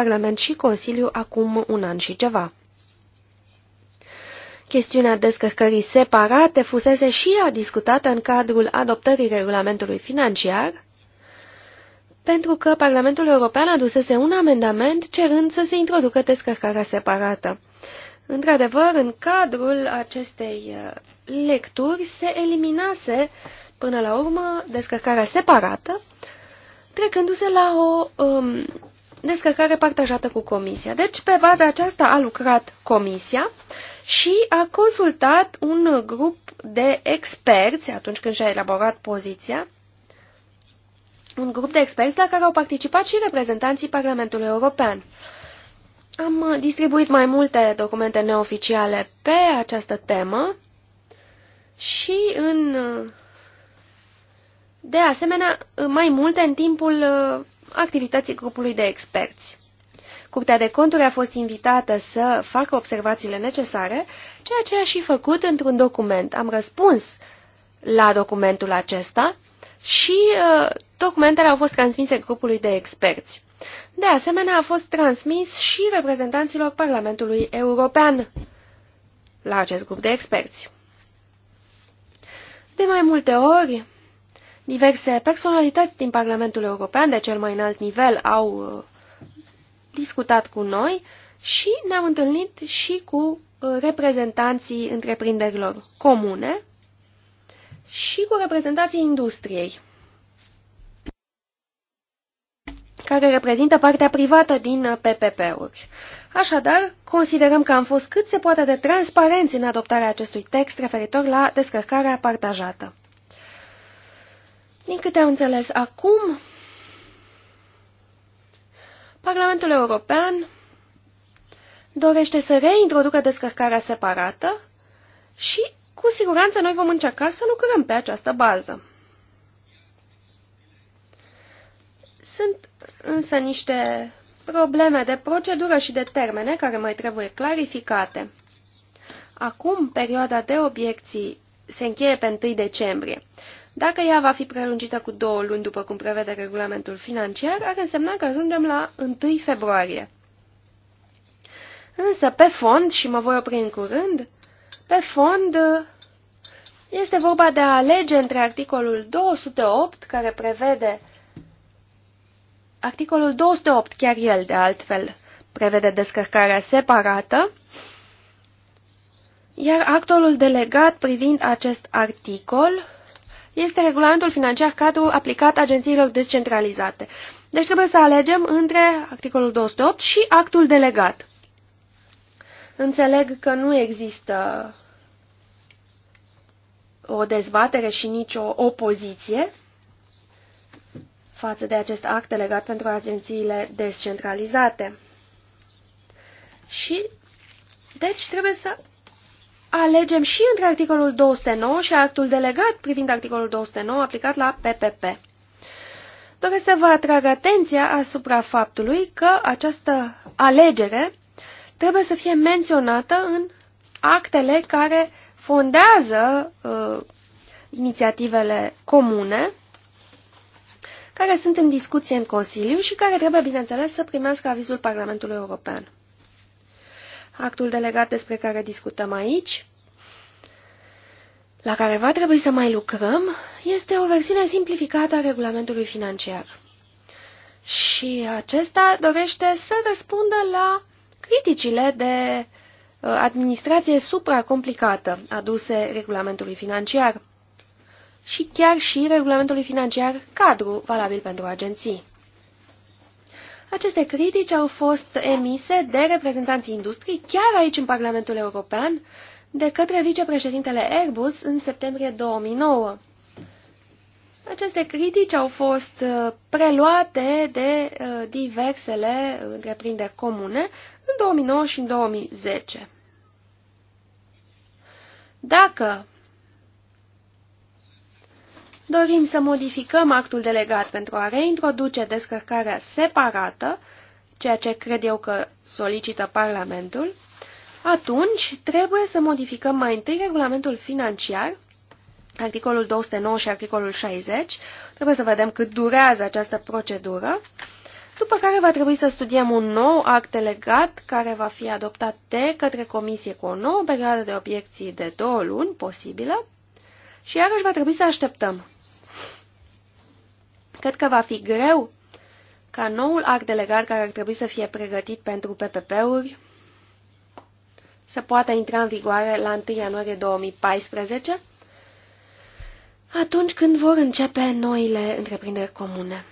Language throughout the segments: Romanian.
Parlament și Consiliu acum un an și ceva. Chestiunea descărcării separate fusese și ea discutată în cadrul adoptării regulamentului financiar, pentru că Parlamentul European adusese un amendament cerând să se introducă descărcarea separată. Într-adevăr, în cadrul acestei uh, lecturi se eliminase, până la urmă, descărcarea separată, trecându-se la o um, descărcare partajată cu comisia. Deci, pe baza aceasta a lucrat comisia și a consultat un grup de experți atunci când și-a elaborat poziția, un grup de experți la care au participat și reprezentanții Parlamentului European. Am distribuit mai multe documente neoficiale pe această temă și în de asemenea mai multe în timpul activității grupului de experți. Curtea de conturi a fost invitată să facă observațiile necesare, ceea ce a și făcut într-un document. Am răspuns la documentul acesta și uh, documentele au fost transmise grupului de experți. De asemenea, a fost transmis și reprezentanților Parlamentului European la acest grup de experți. De mai multe ori, Diverse personalități din Parlamentul European, de cel mai înalt nivel, au uh, discutat cu noi și ne-am întâlnit și cu uh, reprezentanții întreprinderilor comune și cu reprezentanții industriei, care reprezintă partea privată din uh, PPP-uri. Așadar, considerăm că am fost cât se poate de transparenți în adoptarea acestui text referitor la descărcarea partajată. Din câte am înțeles acum, Parlamentul European dorește să reintroducă descărcarea separată și, cu siguranță, noi vom încerca să lucrăm pe această bază. Sunt însă niște probleme de procedură și de termene care mai trebuie clarificate. Acum, perioada de obiecții se încheie pe 1 decembrie. Dacă ea va fi prelungită cu două luni, după cum prevede regulamentul financiar, ar însemna că ajungem la 1 februarie. Însă, pe fond, și mă voi opri în curând, pe fond este vorba de a alege între articolul 208, care prevede articolul 208, chiar el de altfel, prevede descărcarea separată, iar actul delegat privind acest articol este regulamentul financiar cadru aplicat agențiilor descentralizate. Deci trebuie să alegem între articolul 208 și actul delegat. Înțeleg că nu există o dezbatere și nicio opoziție față de acest act delegat pentru agențiile descentralizate. Și, deci, trebuie să alegem și între articolul 209 și actul delegat privind articolul 209 aplicat la PPP. Doresc să vă atrag atenția asupra faptului că această alegere trebuie să fie menționată în actele care fondează uh, inițiativele comune care sunt în discuție în Consiliu și care trebuie, bineînțeles, să primească avizul Parlamentului European actul delegat despre care discutăm aici, la care va trebui să mai lucrăm, este o versiune simplificată a regulamentului financiar. Și acesta dorește să răspundă la criticile de uh, administrație supracomplicată aduse regulamentului financiar și chiar și regulamentului financiar cadru valabil pentru agenții. Aceste critici au fost emise de reprezentanții industriei chiar aici în Parlamentul European de către vicepreședintele Airbus în septembrie 2009. Aceste critici au fost uh, preluate de uh, diversele întreprinderi comune în 2009 și în 2010. Dacă dorim să modificăm actul delegat pentru a reintroduce descărcarea separată, ceea ce cred eu că solicită Parlamentul, atunci trebuie să modificăm mai întâi regulamentul financiar, articolul 209 și articolul 60, trebuie să vedem cât durează această procedură, după care va trebui să studiem un nou act legat care va fi adoptat de către comisie cu o nouă perioadă de obiecții de două luni posibilă și iarăși va trebui să așteptăm. Cred că va fi greu ca noul act delegat care ar trebui să fie pregătit pentru PPP-uri să poată intra în vigoare la 1 ianuarie 2014, atunci când vor începe noile întreprinderi comune.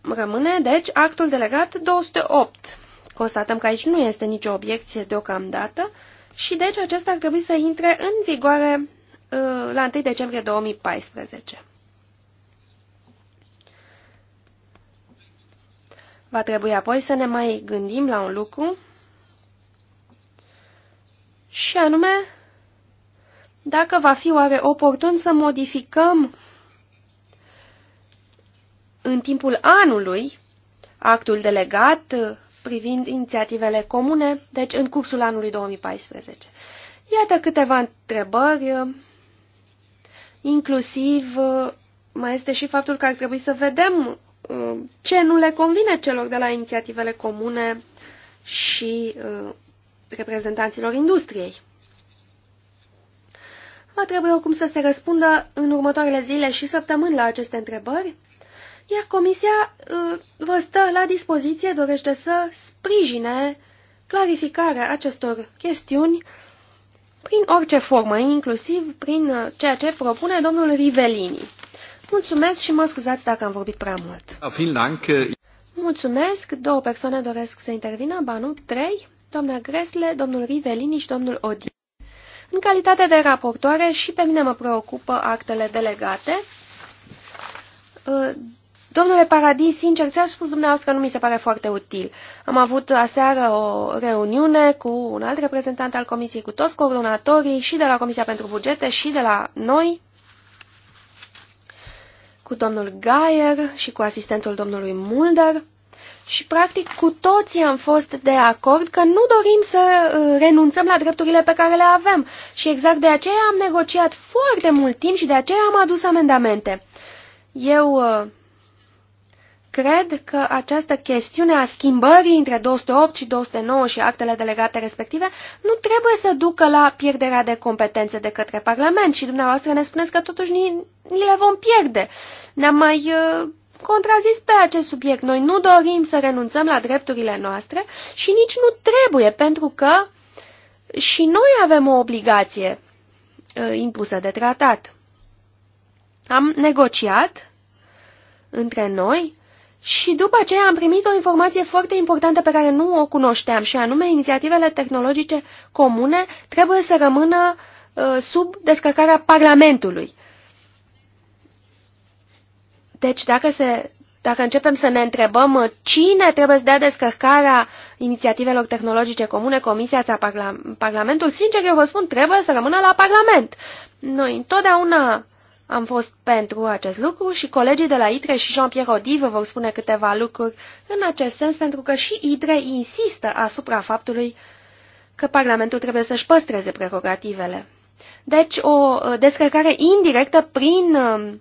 Rămâne, deci, actul delegat 208. Constatăm că aici nu este nicio obiecție deocamdată și, deci, acesta ar trebui să intre în vigoare uh, la 1 decembrie 2014. Va trebui apoi să ne mai gândim la un lucru și anume dacă va fi oare oportun să modificăm în timpul anului actul delegat privind inițiativele comune, deci în cursul anului 2014. Iată câteva întrebări, inclusiv mai este și faptul că ar trebui să vedem Uh, ce nu le convine celor de la inițiativele comune și uh, reprezentanților industriei. Va trebui oricum să se răspundă în următoarele zile și săptămâni la aceste întrebări, iar Comisia uh, vă stă la dispoziție, dorește să sprijine clarificarea acestor chestiuni prin orice formă, inclusiv prin ceea ce propune domnul Rivelini. Mulțumesc și mă scuzați dacă am vorbit prea mult. Da, Mulțumesc. Două persoane doresc să intervină. Banu, trei. Doamna Gresle, domnul Rivelini și domnul Odi. În calitate de raportoare și pe mine mă preocupă actele delegate. Uh, domnule Paradis, sincer, ți-aș spus dumneavoastră că nu mi se pare foarte util. Am avut aseară o reuniune cu un alt reprezentant al Comisiei, cu toți coordonatorii și de la Comisia pentru Bugete și de la noi cu domnul Gaier și cu asistentul domnului Mulder și practic cu toții am fost de acord că nu dorim să uh, renunțăm la drepturile pe care le avem și exact de aceea am negociat foarte mult timp și de aceea am adus amendamente. Eu uh, Cred că această chestiune a schimbării între 208 și 209 și actele delegate respective nu trebuie să ducă la pierderea de competențe de către Parlament și dumneavoastră ne spuneți că totuși ni le vom pierde. Ne-am mai uh, contrazis pe acest subiect. Noi nu dorim să renunțăm la drepturile noastre și nici nu trebuie, pentru că și noi avem o obligație uh, impusă de tratat. Am negociat între noi și după aceea am primit o informație foarte importantă pe care nu o cunoșteam, și anume inițiativele tehnologice comune trebuie să rămână uh, sub descărcarea Parlamentului. Deci dacă, se, dacă începem să ne întrebăm uh, cine trebuie să dea descărcarea inițiativelor tehnologice comune, Comisia sau parla, Parlamentul, sincer eu vă spun, trebuie să rămână la Parlament. Noi întotdeauna am fost pentru acest lucru și colegii de la ITRE și Jean-Pierre Odi vă vor spune câteva lucruri în acest sens pentru că și ITRE insistă asupra faptului că Parlamentul trebuie să-și păstreze prerogativele. Deci o uh, descărcare indirectă prin um,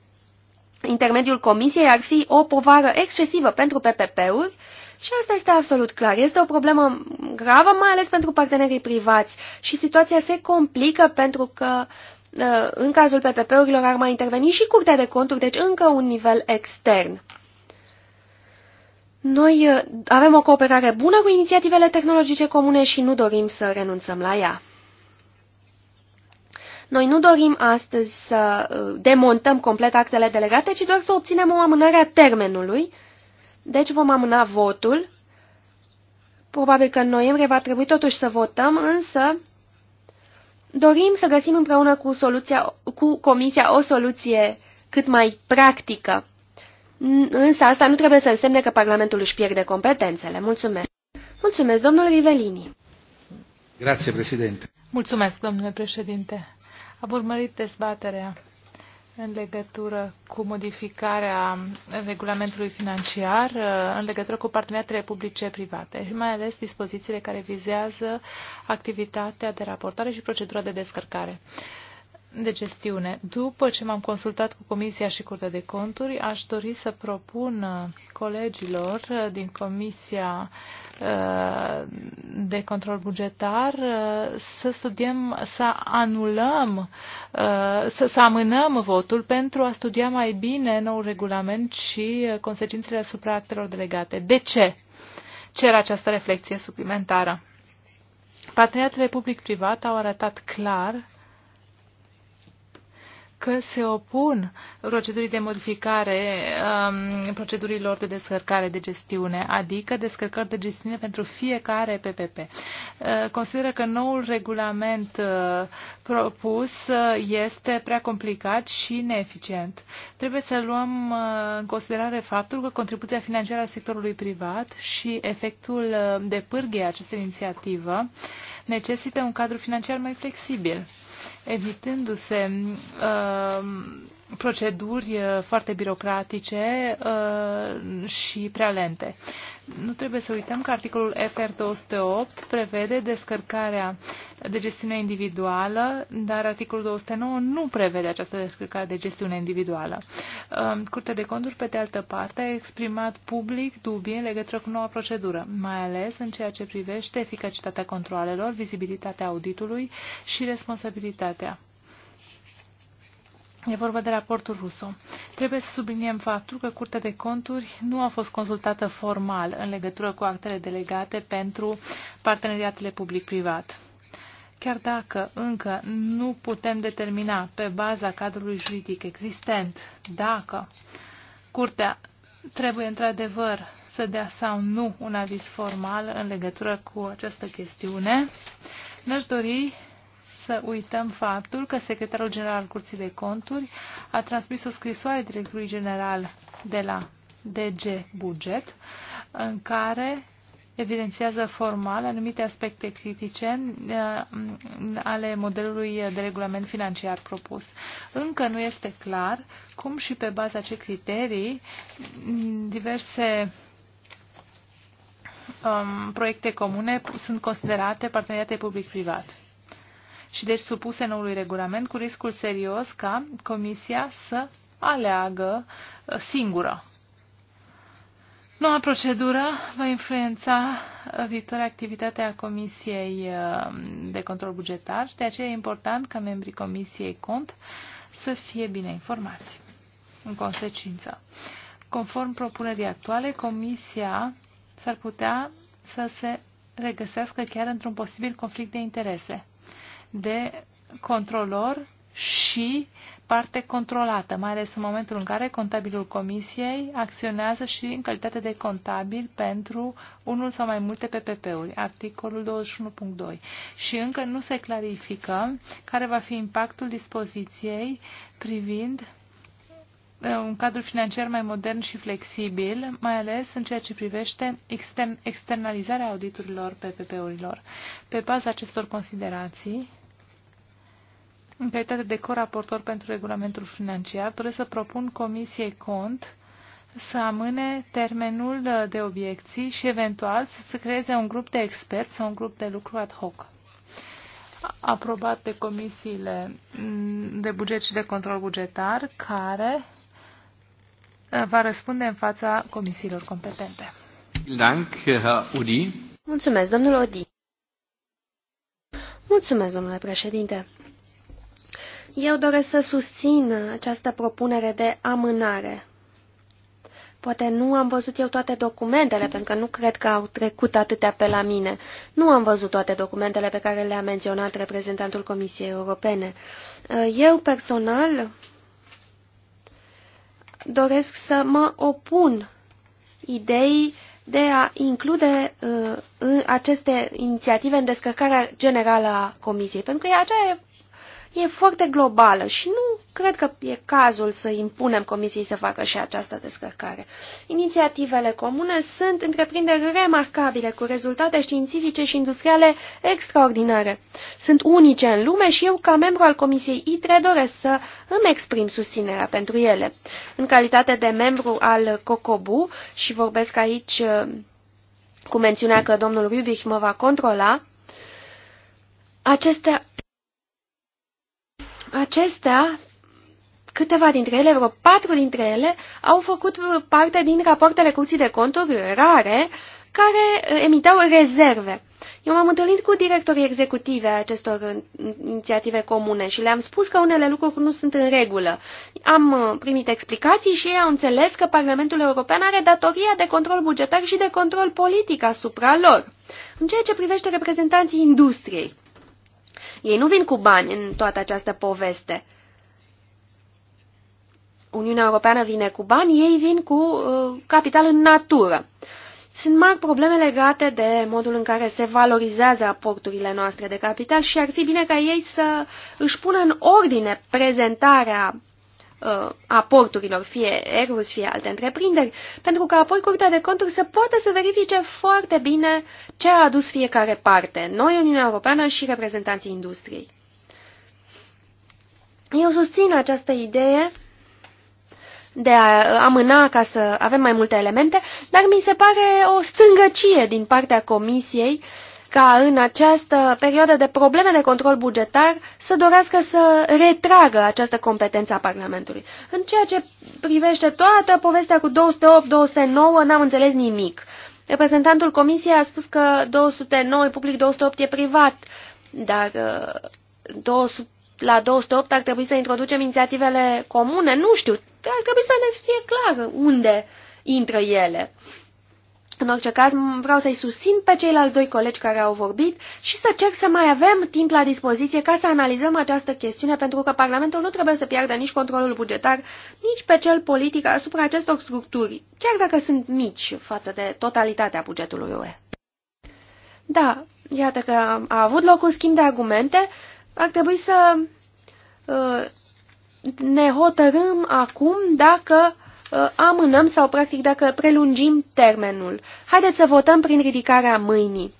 intermediul comisiei ar fi o povară excesivă pentru PPP-uri și asta este absolut clar. Este o problemă gravă, mai ales pentru partenerii privați și situația se complică pentru că Uh, în cazul PPP-urilor ar mai interveni și Curtea de Conturi, deci încă un nivel extern. Noi uh, avem o cooperare bună cu inițiativele tehnologice comune și nu dorim să renunțăm la ea. Noi nu dorim astăzi să uh, demontăm complet actele delegate, ci doar să obținem o amânare a termenului. Deci vom amâna votul. Probabil că în noiembrie va trebui totuși să votăm, însă dorim să găsim împreună cu, soluția, cu Comisia o soluție cât mai practică. Însă asta nu trebuie să însemne că Parlamentul își pierde competențele. Mulțumesc. Mulțumesc, domnul Rivelini. Grazie, președinte. Mulțumesc, domnule președinte. Am urmărit dezbaterea în legătură cu modificarea regulamentului financiar, în legătură cu parteneriatele publice-private și mai ales dispozițiile care vizează activitatea de raportare și procedura de descărcare. Uh, de gestiune. După ce m-am consultat cu Comisia și Curtea de Conturi, aș dori să propun uh, colegilor uh, din Comisia uh, de Control Bugetar să studiem, să anulăm, să, să amânăm votul pentru a studia mai bine nou regulament și consecințele asupra actelor delegate. De ce cer această reflexie suplimentară? Parteneriatele public-privat au arătat clar că se opun procedurii de modificare um, procedurilor de descărcare de gestiune, adică descărcări de gestiune pentru fiecare PPP. Uh, consideră că noul regulament uh, propus uh, este prea complicat și neeficient. Trebuie să luăm uh, în considerare faptul că contribuția financiară a sectorului privat și efectul uh, de pârghie a acestei inițiativă necesită un cadru financiar mai flexibil evitându-se uh, proceduri uh, foarte birocratice uh, și prea lente. Nu trebuie să uităm că articolul FR208 prevede descărcarea de gestiune individuală, dar articolul 209 nu prevede această descărcare de gestiune individuală. Um, Curtea de conturi, pe de altă parte, a exprimat public dubii în legătură cu noua procedură, mai ales în ceea ce privește eficacitatea controalelor, vizibilitatea auditului și responsabilitatea. E vorba de raportul Ruso. Trebuie să subliniem faptul că Curtea de Conturi nu a fost consultată formal în legătură cu actele delegate pentru parteneriatele public-privat. Chiar dacă încă nu putem determina pe baza cadrului juridic existent dacă Curtea trebuie într-adevăr să dea sau nu un aviz formal în legătură cu această chestiune, ne-aș dori să uităm faptul că secretarul general al Curții de Conturi a transmis o scrisoare directorului general de la DG Buget, în care evidențiază formal anumite aspecte critice uh, ale modelului de regulament financiar propus. Încă nu este clar cum și pe baza ce criterii diverse um, proiecte comune sunt considerate parteneriate public-privat și deci supuse noului regulament cu riscul serios ca Comisia să aleagă uh, singură. Noua procedură va influența uh, viitoarea activitatea Comisiei uh, de Control Bugetar și de aceea e important ca membrii Comisiei Cont să fie bine informați. În consecință, conform propunerii actuale, Comisia s-ar putea să se regăsească chiar într-un posibil conflict de interese de controlor și parte controlată, mai ales în momentul în care contabilul comisiei acționează și în calitate de contabil pentru unul sau mai multe PPP-uri, articolul 21.2. Și încă nu se clarifică care va fi impactul dispoziției privind uh, un cadru financiar mai modern și flexibil, mai ales în ceea ce privește extern, externalizarea auditurilor PPP-urilor. Pe baza acestor considerații, în calitate de coraportor pentru regulamentul financiar, doresc să propun Comisiei Cont să amâne termenul de obiecții și eventual să se creeze un grup de experți sau un grup de lucru ad hoc aprobat de comisiile de buget și de control bugetar care uh, va răspunde în fața comisiilor competente. Mulțumesc, domnul Odi. Mulțumesc, domnule președinte. Eu doresc să susțin această propunere de amânare. Poate nu am văzut eu toate documentele, pentru că nu cred că au trecut atâtea pe la mine. Nu am văzut toate documentele pe care le-a menționat reprezentantul Comisiei Europene. Eu personal doresc să mă opun ideii de a include uh, aceste inițiative în descărcarea generală a Comisiei, pentru că aceea e e foarte globală și nu cred că e cazul să impunem comisiei să facă și această descărcare. Inițiativele comune sunt întreprinderi remarcabile, cu rezultate științifice și industriale extraordinare. Sunt unice în lume și eu, ca membru al comisiei ITRE, doresc să îmi exprim susținerea pentru ele. În calitate de membru al COCOBU, și vorbesc aici uh, cu mențiunea că domnul Rubich mă va controla, aceste Acestea, câteva dintre ele, vreo patru dintre ele, au făcut parte din rapoartele curții de conturi rare care uh, emiteau rezerve. Eu m-am întâlnit cu directorii executive a acestor uh, inițiative comune și le-am spus că unele lucruri nu sunt în regulă. Am uh, primit explicații și ei au înțeles că Parlamentul European are datoria de control bugetar și de control politic asupra lor. În ceea ce privește reprezentanții industriei, ei nu vin cu bani în toată această poveste. Uniunea Europeană vine cu bani, ei vin cu uh, capital în natură. Sunt mari probleme legate de modul în care se valorizează aporturile noastre de capital și ar fi bine ca ei să își pună în ordine prezentarea uh, aporturilor, fie Airbus, fie alte întreprinderi, pentru că apoi Curtea de Conturi să poată să verifice foarte bine ce a adus fiecare parte, noi, Uniunea Europeană și reprezentanții industriei. Eu susțin această idee de a amâna ca să avem mai multe elemente, dar mi se pare o stângăcie din partea Comisiei uh, ca în această perioadă de probleme de control bugetar să dorească să retragă această competență a Parlamentului. În ceea ce privește toată povestea cu 208-209, n-am înțeles nimic. Reprezentantul Comisiei a spus că 209 e public, 208 e privat, dar 200, uh, la 208 ar trebui să introducem inițiativele comune, nu știu, ar trebui să ne fie clar unde intră ele. În orice caz, vreau să-i susțin pe ceilalți doi colegi care au vorbit și să cer să mai avem timp la dispoziție ca să analizăm această chestiune, pentru că Parlamentul nu trebuie să piardă nici controlul bugetar, nici pe cel politic asupra acestor structuri, chiar dacă sunt mici față de totalitatea bugetului UE. Da, iată că a avut loc un schimb de argumente, ar trebui să uh, ne hotărâm acum dacă Uh, amânăm sau practic dacă prelungim termenul. Haideți să votăm prin ridicarea mâinii.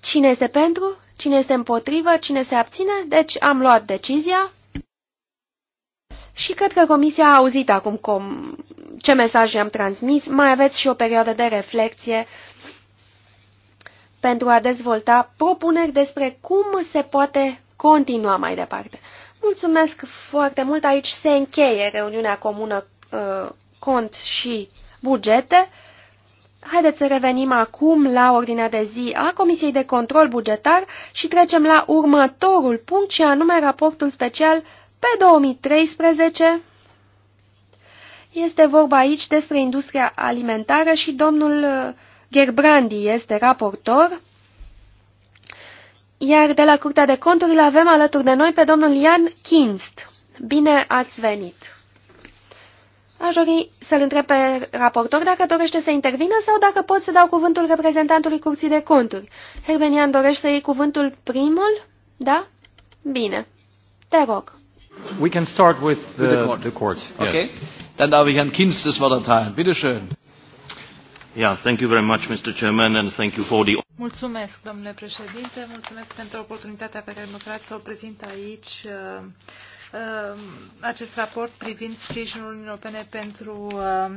Cine este pentru? Cine este împotrivă? Cine se abține? Deci am luat decizia și cred că comisia a auzit acum com ce mesaj i-am transmis. Mai aveți și o perioadă de reflexie pentru a dezvolta propuneri despre cum se poate continua mai departe. Mulțumesc foarte mult. Aici se încheie reuniunea comună uh, cont și bugete. Haideți să revenim acum la ordinea de zi a Comisiei de Control Bugetar și trecem la următorul punct și anume raportul special pe 2013. Este vorba aici despre industria alimentară și domnul uh, Gerbrandi este raportor. Iar de la Curtea de Conturi îl avem alături de noi pe domnul Ian Kinst. Bine ați venit! Aș dori să-l întreb pe raportor dacă dorește să intervină sau dacă pot să dau cuvântul reprezentantului Curții de Conturi. Herbenian, dorește să iei cuvântul primul? Da? Bine. Te rog. We can start with the, with the court. The court. Yes. Okay. Dann darf ich Herrn Kinz das Wort erteilen. Bitte schön. Mulțumesc, domnule președinte, mulțumesc pentru oportunitatea pe care mă dați să o prezint aici uh, uh, acest raport privind sprijinul Uniunii Europene pentru uh,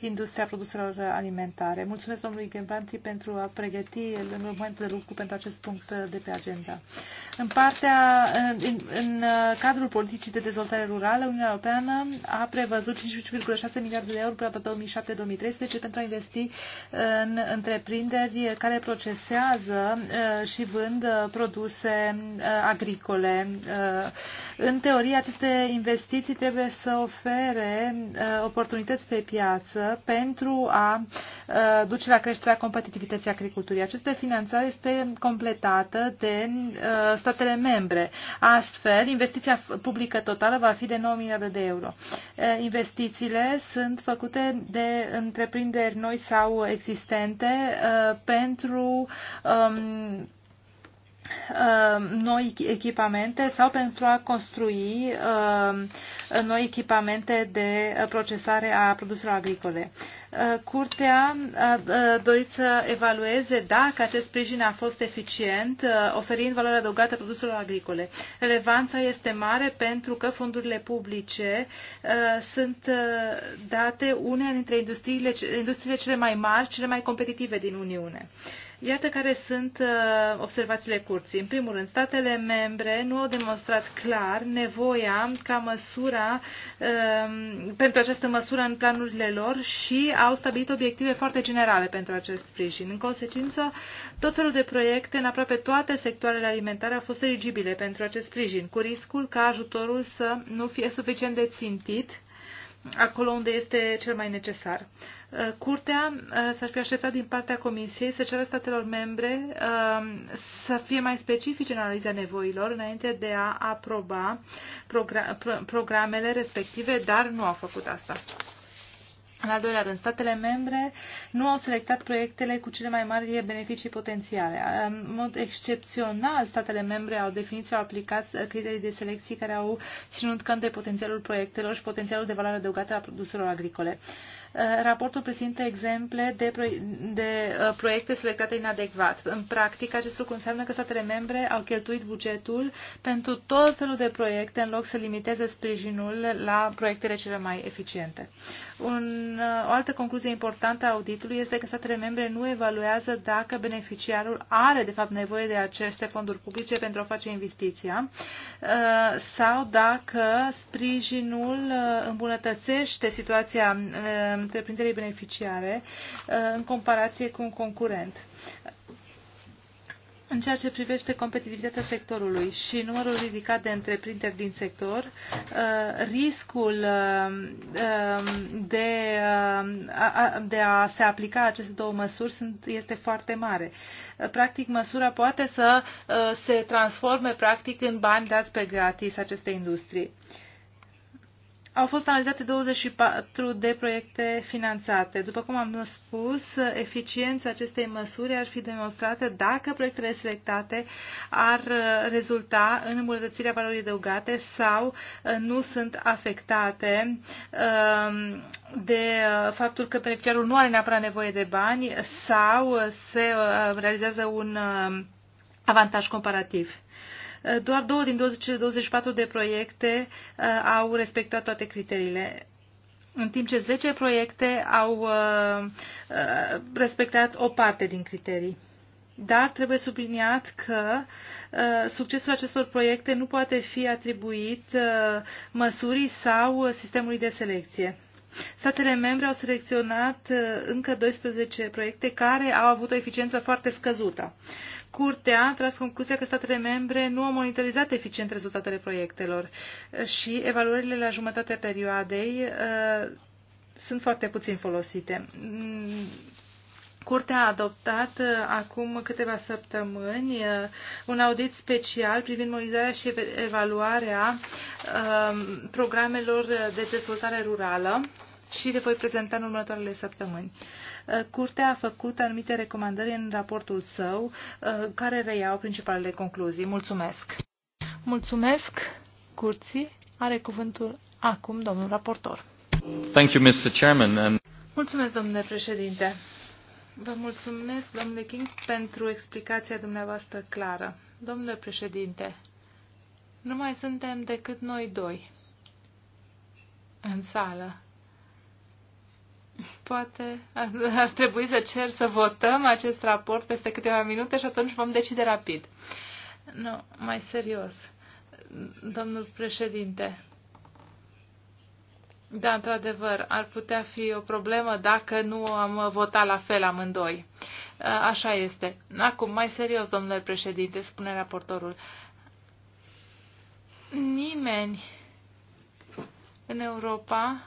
industria produselor alimentare. Mulțumesc domnului Gembranti pentru a pregăti în momentul de lucru pentru acest punct de pe agenda. Uh, în, partea, în, în uh, cadrul politicii de dezvoltare rurală, Uniunea Europeană a prevăzut 5,6 miliarde de euro până la 2007-2013 pentru a investi în întreprinderi care procesează uh, și vând uh, produse agricole. În teorie, aceste investiții trebuie să ofere oportunități pe piață pentru a duce la creșterea competitivității agriculturii. Această finanțare este completată de statele membre. Astfel, investiția publică totală va fi de 9 miliarde de euro. Investițiile sunt făcute de întreprinderi noi sau existente pentru um, Uh, noi echipamente sau pentru a construi uh, noi echipamente de procesare a produselor agricole. Uh, curtea a dorit să evalueze dacă acest sprijin a fost eficient, oferind valoare adăugată produselor agricole. Relevanța este mare pentru că fondurile publice sunt date unei dintre industriile, industriile cele mai mari, cele mai competitive din Uniune. Iată care sunt uh, observațiile curții. În primul rând, statele membre nu au demonstrat clar nevoia ca măsura uh, pentru această măsură în planurile lor și au stabilit obiective foarte generale pentru acest sprijin. În consecință, tot felul de proiecte în aproape toate sectoarele alimentare au fost eligibile pentru acest sprijin, cu riscul ca ajutorul să nu fie suficient de țintit acolo unde este cel mai necesar. Uh, curtea uh, s-ar fi așteptat din partea Comisiei să ceră statelor membre uh, să fie mai specifice în analiza nevoilor înainte de a aproba programele respective, dar nu au făcut asta. În al doilea rând, statele membre nu au selectat proiectele cu cele mai mari beneficii potențiale. În mod excepțional, statele membre au definit sau aplicat criterii de selecție care au ținut cont de potențialul proiectelor și potențialul de valoare adăugată a produselor agricole. Eh, raportul prezintă exemple de, pro de eh, proiecte selectate inadecvat. În practică, acest lucru înseamnă că statele membre au cheltuit bugetul pentru tot felul de proiecte în loc să limiteze sprijinul la proiectele cele mai eficiente. Un, eh, o altă concluzie importantă a auditului este că statele membre nu evaluează dacă beneficiarul are, de fapt, nevoie de aceste fonduri publice pentru a face investiția sau dacă sprijinul îmbunătățește situația întreprinderii beneficiare uh, în comparație cu un concurent. În ceea ce privește competitivitatea sectorului și numărul ridicat de întreprinderi din sector, uh, riscul uh, um, de a, de a se aplica aceste două măsuri este foarte mare. Practic, măsura poate să se transforme practic în bani dați pe gratis aceste industrii. Au fost analizate 24 de proiecte finanțate. După cum am spus, eficiența acestei măsuri ar fi demonstrată dacă proiectele selectate ar rezulta în îmbunătățirea valorii adăugate sau uh, nu sunt afectate um, de uh, faptul că beneficiarul nu are neapărat nevoie de bani sau se uh, realizează un avantaj comparativ. Doar două din 24 de proiecte uh, au respectat toate criteriile în timp ce 10 proiecte au uh, uh, respectat o parte din criterii. Dar trebuie subliniat că succesul acestor proiecte nu poate fi atribuit măsurii sau sistemului de selecție. Statele membre au selecționat uh, încă 12 proiecte care au avut o eficiență foarte scăzută. Curtea a tras concluzia că statele membre nu au monitorizat eficient rezultatele proiectelor uh, și evaluările la jumătatea perioadei uh, sunt foarte puțin folosite. Mm, Curtea a adoptat uh, acum câteva săptămâni uh, un audit special privind monitorizarea și evaluarea um, programelor de dezvoltare rurală și le voi prezenta în următoarele săptămâni. Uh, Curtea a făcut anumite recomandări în raportul său care reiau principalele concluzii. Mulțumesc! Mulțumesc curții. Are cuvântul acum domnul raportor. Thank you, Mr. Chairman, and... Mulțumesc, domnule președinte. Vă mulțumesc, domnule King, pentru explicația dumneavoastră clară. Domnule președinte, nu mai suntem decât noi doi în sală. Poate ar, trebui să cer să votăm acest raport peste câteva minute și atunci vom decide rapid. Nu, mai serios, domnul președinte. Da, într-adevăr, ar putea fi o problemă dacă nu am votat la fel amândoi. Așa este. Acum, mai serios, domnule președinte, spune raportorul. Nimeni în Europa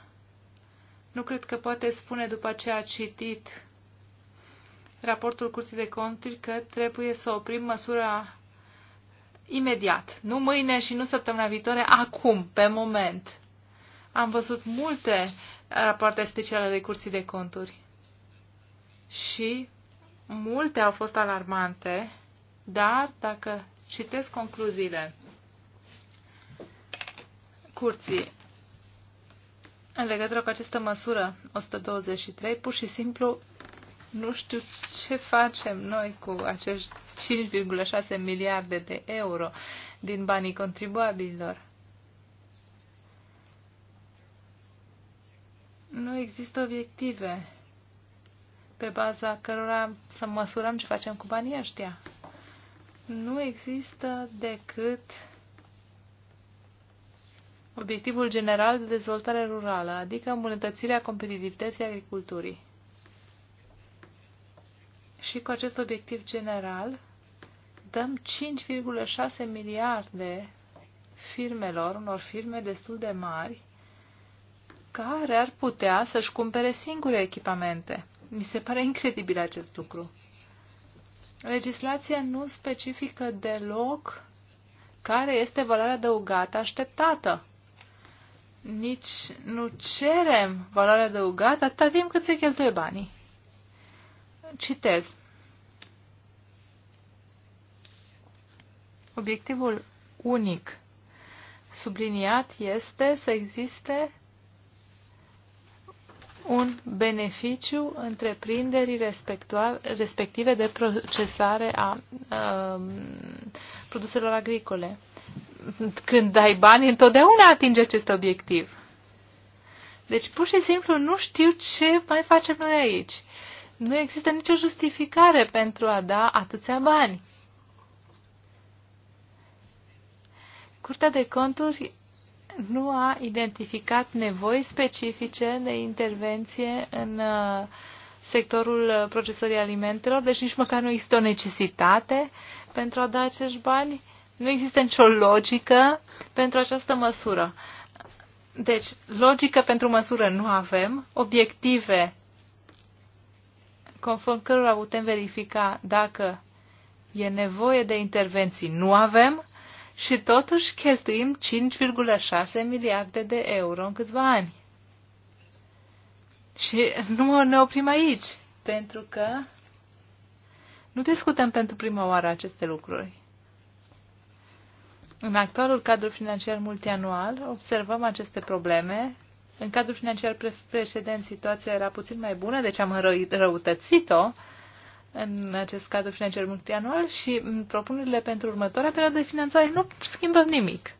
nu cred că poate spune după ce a citit raportul Curții de Conturi că trebuie să oprim măsura imediat. Nu mâine și nu săptămâna viitoare, acum, pe moment am văzut multe uh, rapoarte speciale ale Curții de Conturi și multe au fost alarmante, dar dacă citesc concluziile Curții în legătură cu această măsură 123, pur și simplu nu știu ce facem noi cu acești 5,6 miliarde de euro din banii contribuabililor. nu există obiective pe baza cărora să măsurăm ce facem cu banii ăștia. Nu există decât obiectivul general de dezvoltare rurală, adică îmbunătățirea competitivității agriculturii. Și cu acest obiectiv general dăm 5,6 miliarde firmelor, unor firme destul de mari, care ar putea să-și cumpere singure echipamente. Mi se pare incredibil acest lucru. Legislația nu specifică deloc care este valoarea adăugată așteptată. Nici nu cerem valoarea adăugată atâta timp cât se cheltuie banii. Citez. Obiectivul unic subliniat este să existe un beneficiu întreprinderii respective de procesare a, a um, produselor agricole. Când dai bani, întotdeauna atinge acest obiectiv. Deci, pur și simplu, nu știu ce mai facem noi aici. Nu există nicio justificare pentru a da atâția bani. Curtea de conturi nu a identificat nevoi specifice de intervenție în uh, sectorul uh, procesării alimentelor, deci nici măcar nu există o necesitate pentru a da acești bani. Nu există nicio logică pentru această măsură. Deci, logică pentru măsură nu avem, obiective conform cărora putem verifica dacă e nevoie de intervenții nu avem, și totuși cheltuim 5,6 miliarde de euro în câțiva ani. Și nu ne oprim aici, pentru că nu discutăm pentru prima oară aceste lucruri. În actualul cadru financiar multianual observăm aceste probleme. În cadrul financiar precedent situația era puțin mai bună, deci am înrăutățit-o, în acest cadru financiar multianual și propunerile pentru următoarea perioadă de finanțare nu schimbă nimic.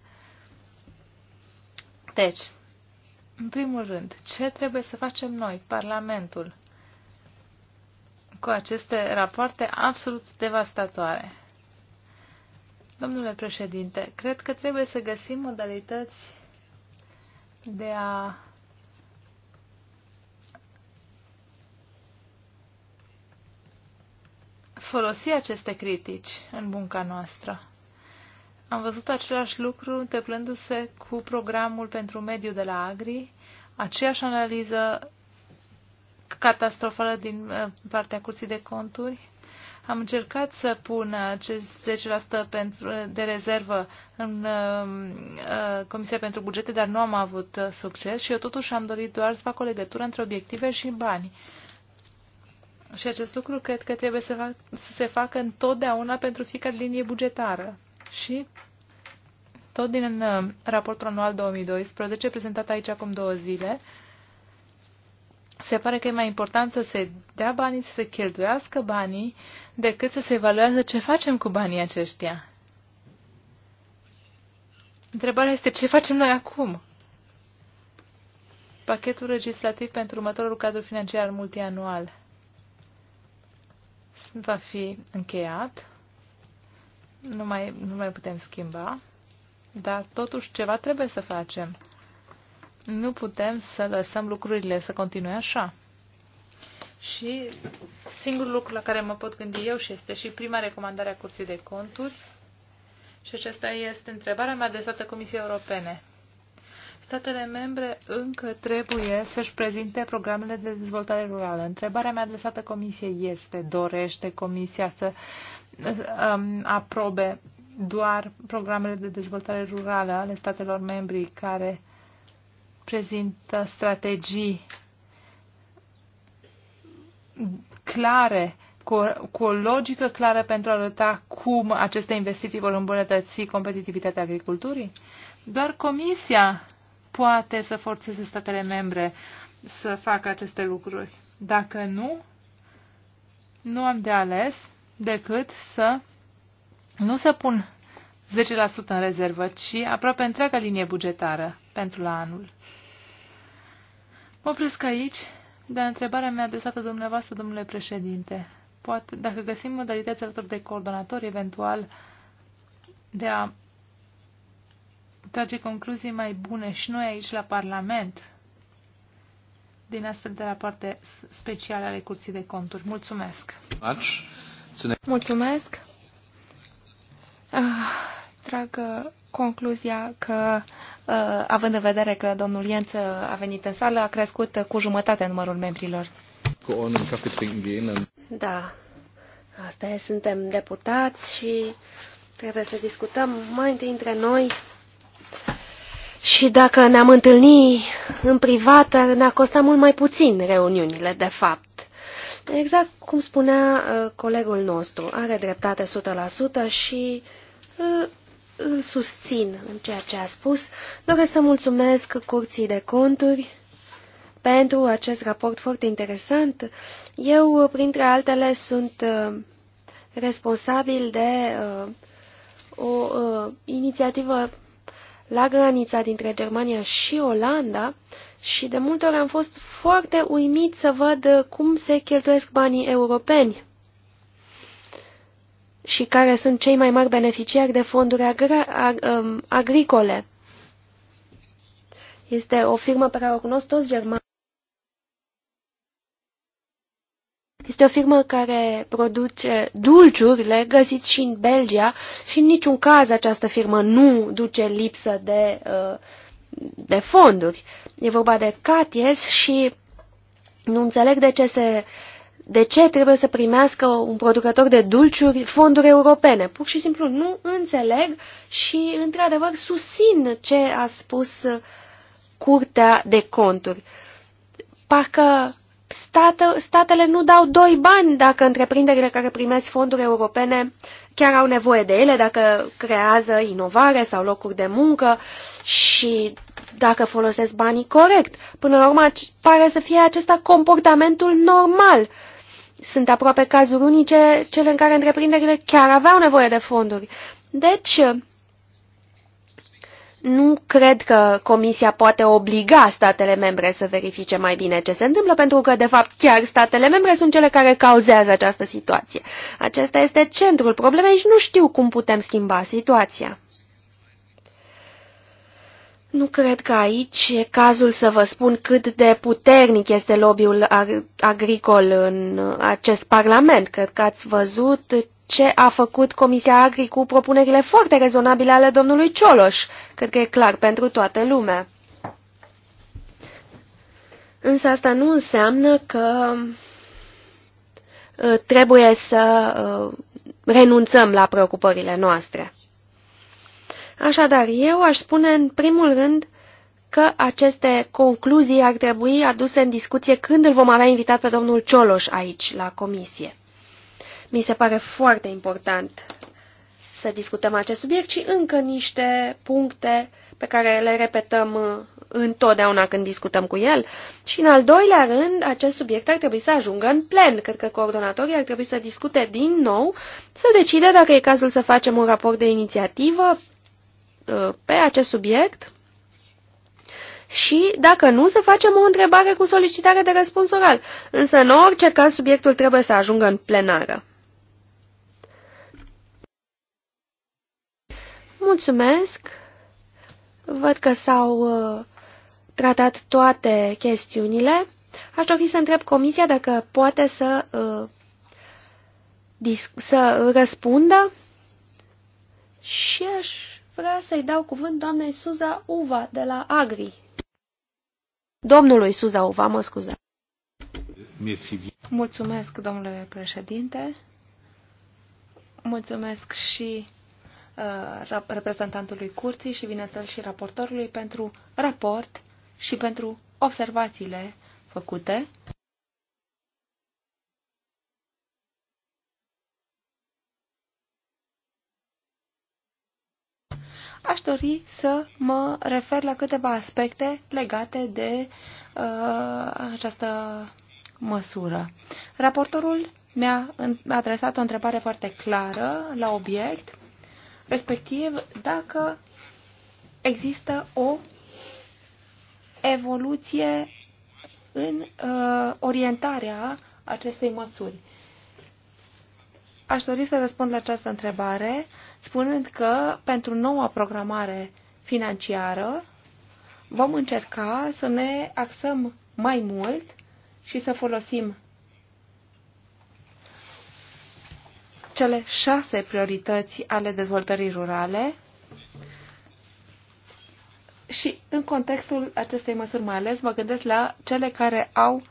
Deci, în primul rând, ce trebuie să facem noi, Parlamentul, cu aceste rapoarte absolut devastatoare? Domnule președinte, cred că trebuie să găsim modalități de a folosi aceste critici în munca noastră. Am văzut același lucru întâmplându-se cu programul pentru mediu de la Agri, aceeași analiză catastrofală din uh, partea curții de conturi. Am încercat să pun acest 10% pentru, uh, de rezervă în uh, Comisia pentru Bugete, dar nu am avut succes și eu totuși am dorit doar să fac o legătură între obiective și bani. Și acest lucru cred că trebuie să, fac, să se facă întotdeauna pentru fiecare linie bugetară. Și tot din uh, raportul anual 2012, prezentat aici acum două zile, se pare că e mai important să se dea banii, să se cheltuiască banii, decât să se evaluează ce facem cu banii aceștia. Întrebarea este ce facem noi acum? Pachetul legislativ pentru următorul cadru financiar multianual va fi încheiat. Nu mai, nu mai putem schimba. Dar totuși ceva trebuie să facem. Nu putem să lăsăm lucrurile să continue așa. Și singurul lucru la care mă pot gândi eu și este și prima recomandare a Curții de Conturi, și aceasta este întrebarea mea adresată Comisiei Europene statele membre încă trebuie să-și prezinte programele de dezvoltare rurală. Întrebarea mea adresată Comisiei este, dorește Comisia să um, aprobe doar programele de dezvoltare rurală ale statelor membri care prezintă strategii clare, cu o, cu o logică clară pentru a arăta cum aceste investiții vor îmbunătăți competitivitatea agriculturii? Doar Comisia poate să forțeze statele membre să facă aceste lucruri. Dacă nu, nu am de ales decât să nu să pun 10% în rezervă, ci aproape întreaga linie bugetară pentru la anul. Mă opresc aici, dar întrebarea mea adresată dumneavoastră, domnule președinte. Poate, dacă găsim modalități alături de coordonatori, eventual, de a trage concluzii mai bune și noi aici la Parlament din astfel de rapoarte speciale ale Curții de Conturi. Mulțumesc! Mulțumesc! Trag ah, concluzia că, ah, având în vedere că domnul Ienț a venit în sală, a crescut cu jumătate numărul membrilor. Da, asta e, suntem deputați și trebuie să discutăm mai întâi între noi și dacă ne-am întâlni în privat, ne a costat mult mai puțin reuniunile, de fapt. Exact cum spunea uh, colegul nostru, are dreptate 100% și uh, îl susțin în ceea ce a spus. Doresc să mulțumesc Curții de Conturi pentru acest raport foarte interesant. Eu, printre altele, sunt uh, responsabil de uh, o uh, inițiativă la granița dintre Germania și Olanda și de multe ori am fost foarte uimit să văd cum se cheltuiesc banii europeni și care sunt cei mai mari beneficiari de fonduri agra ag um, agricole. Este o firmă pe care o cunosc toți germani. Este o firmă care produce dulciuri, le găsiți și în Belgia și în niciun caz această firmă nu duce lipsă de, uh, de fonduri. E vorba de Caties și nu înțeleg de ce se de ce trebuie să primească un producător de dulciuri fonduri europene? Pur și simplu nu înțeleg și, într-adevăr, susțin ce a spus uh, Curtea de Conturi. Parcă state, statele nu dau doi bani dacă întreprinderile care primesc fonduri europene chiar au nevoie de ele, dacă creează inovare sau locuri de muncă și dacă folosesc banii corect. Până la urmă, pare să fie acesta comportamentul normal. Sunt aproape cazuri unice cele în care întreprinderile chiar aveau nevoie de fonduri. Deci, nu cred că Comisia poate obliga statele membre să verifice mai bine ce se întâmplă, pentru că, de fapt, chiar statele membre sunt cele care cauzează această situație. Acesta este centrul problemei și nu știu cum putem schimba situația. Nu cred că aici e cazul să vă spun cât de puternic este lobby-ul agricol în acest parlament. Cred că ați văzut ce a făcut Comisia Agri cu propunerile foarte rezonabile ale domnului Cioloș. Cred că e clar pentru toată lumea. Însă asta nu înseamnă că ă, trebuie să ă, renunțăm la preocupările noastre. Așadar, eu aș spune în primul rând că aceste concluzii ar trebui aduse în discuție când îl vom avea invitat pe domnul Cioloș aici, la comisie. Mi se pare foarte important să discutăm acest subiect și încă niște puncte pe care le repetăm uh, întotdeauna când discutăm cu el. Și în al doilea rând, acest subiect ar trebui să ajungă în plen. Cred că coordonatorii ar trebui să discute din nou, să decide dacă e cazul să facem un raport de inițiativă uh, pe acest subiect și, dacă nu, să facem o întrebare cu solicitare de răspuns oral. Însă, în orice caz, subiectul trebuie să ajungă în plenară. Mulțumesc! Văd că s-au uh, tratat toate chestiunile. Aș dori să întreb comisia dacă poate să, uh, să răspundă și aș vrea să-i dau cuvânt doamnei Suza Uva de la Agri. Domnului Suza Uva, mă scuza. Mulțumesc, domnule președinte. Mulțumesc și Uh, reprezentantului curții și, bineînțeles, și raportorului pentru raport și pentru observațiile făcute. Aș dori să mă refer la câteva aspecte legate de uh, această măsură. Raportorul mi-a adresat o întrebare foarte clară la obiect respectiv dacă există o evoluție în uh, orientarea acestei măsuri. Aș dori să răspund la această întrebare spunând că pentru noua programare financiară vom încerca să ne axăm mai mult și să folosim cele șase priorități ale dezvoltării rurale și în contextul acestei măsuri mai ales mă gândesc la cele care au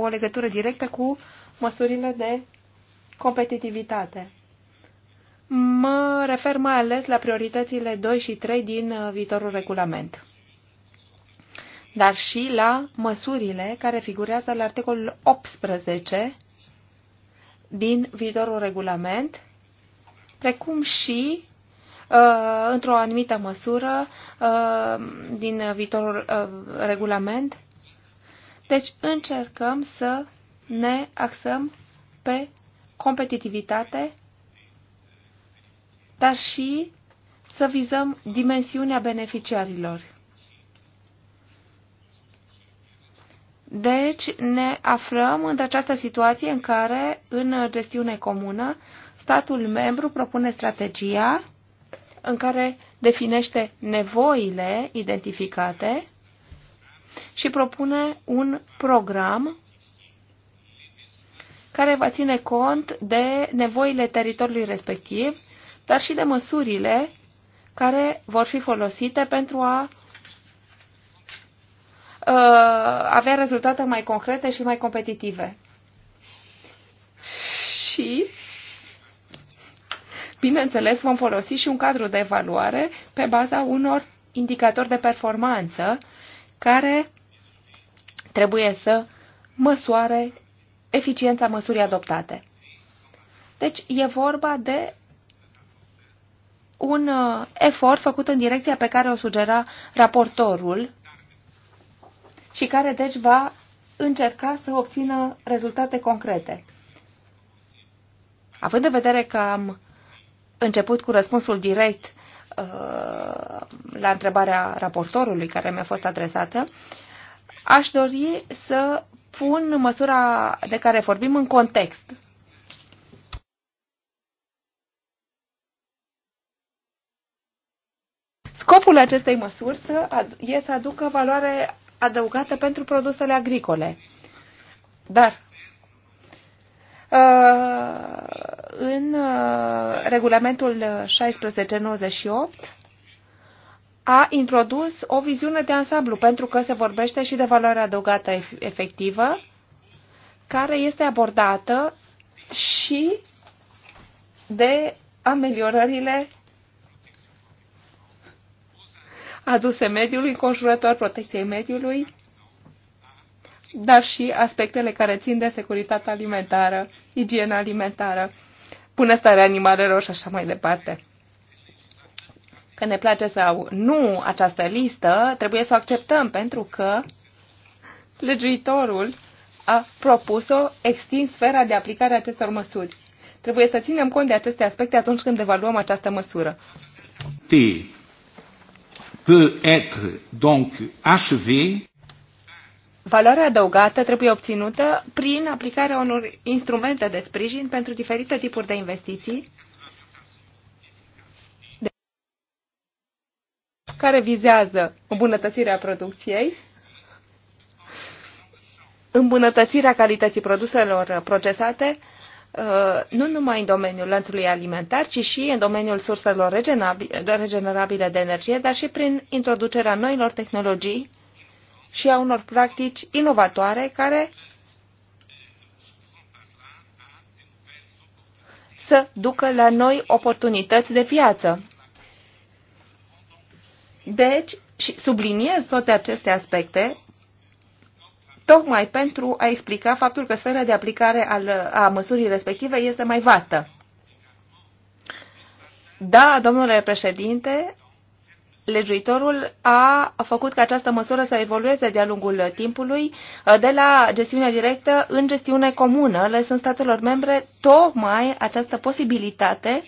o legătură directă cu măsurile de competitivitate. Mă refer mai ales la prioritățile 2 și 3 din uh, viitorul regulament, dar și la măsurile care figurează la articolul 18 din viitorul regulament, precum și uh, într-o anumită măsură uh, din viitorul uh, regulament. Deci încercăm să ne axăm pe competitivitate, dar și să vizăm dimensiunea beneficiarilor. Deci ne aflăm în această situație în care, în gestiune comună, statul membru propune strategia în care definește nevoile identificate și propune un program care va ține cont de nevoile teritoriului respectiv, dar și de măsurile care vor fi folosite pentru a Uh, avea rezultate mai concrete și mai competitive. Și Bineînțeles, vom folosi și un cadru de evaluare pe baza unor indicatori de performanță care trebuie să măsoare eficiența măsurii adoptate. Deci e vorba de un uh, efort făcut în direcția pe care o sugera raportorul și care deci va încerca să obțină rezultate concrete. Având în vedere că am început cu răspunsul direct uh, la întrebarea raportorului care mi-a fost adresată, aș dori să pun măsura de care vorbim în context. Scopul acestei măsuri e să aducă valoare adăugată pentru produsele agricole. Dar uh, în uh, regulamentul 1698 a introdus o viziune de ansamblu, pentru că se vorbește și de valoarea adăugată efectivă, care este abordată și de ameliorările aduse mediului înconjurător, protecției mediului, dar și aspectele care țin de securitatea alimentară, igiena alimentară, bunăstarea animalelor și așa mai departe. Că ne place sau nu această listă, trebuie să o acceptăm pentru că legiuitorul a propus-o extins sfera de aplicare a acestor măsuri. Trebuie să ținem cont de aceste aspecte atunci când evaluăm această măsură. T peut être donc achevé. Valoarea adăugată trebuie obținută prin aplicarea unor instrumente de sprijin pentru diferite tipuri de investiții care vizează îmbunătățirea producției, îmbunătățirea calității produselor procesate, nu numai în domeniul lanțului alimentar, ci și în domeniul surselor regenerabile de energie, dar și prin introducerea noilor tehnologii și a unor practici inovatoare care să ducă la noi oportunități de viață. Deci, și subliniez toate aceste aspecte tocmai pentru a explica faptul că sfera de aplicare al, a măsurii respective este mai vastă. Da, domnule președinte, legiuitorul a făcut ca această măsură să evolueze de-a lungul timpului de la gestiune directă în gestiune comună, lăsând statelor membre tocmai această posibilitate